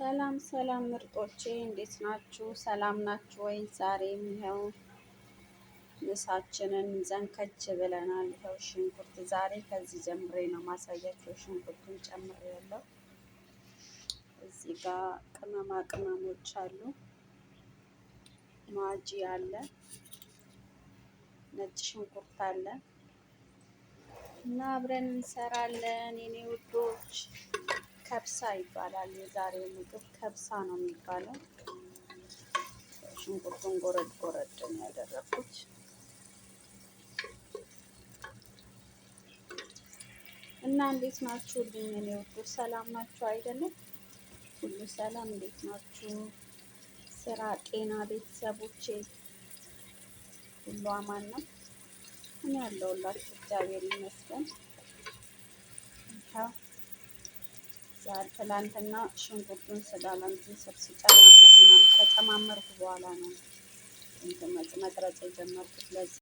ሰላም ሰላም ምርጦቼ እንዴት ናችሁ? ሰላም ናችሁ ወይ? ዛሬም ይኸው ምሳችንን ዘንከች ብለናል። ይኸው ሽንኩርት ዛሬ ከዚህ ጀምሬ ነው ማሳያቸው። ሽንኩርቱን ጨምሬ ያለው እዚህ ጋር ቅመማ ቅመሞች አሉ። ማጂ አለ፣ ነጭ ሽንኩርት አለ እና አብረን እንሰራለን የኔ ውዶ ከብሳ ይባላል። የዛሬው ምግብ ከብሳ ነው የሚባለው። ሽንኩርቱን ጎረድ ጎረድ ነው ያደረኩት። እና እንዴት ናችሁ? ልኝን የወዱ ሰላም ናችሁ አይደለም? ሁሉ ሰላም እንዴት ናችሁ? ስራ፣ ጤና፣ ቤተሰቦቼ ሁሉ አማን ነው። እኔ ያለውላችሁ እግዚአብሔር ይመስገን። ትላንትና ሽንኩርቱን ስላላንትን ስር ሲጨማመር ምናምን ከጨማመርኩ በኋላ ነው መቅረጽ የጀመርኩት ለዚህ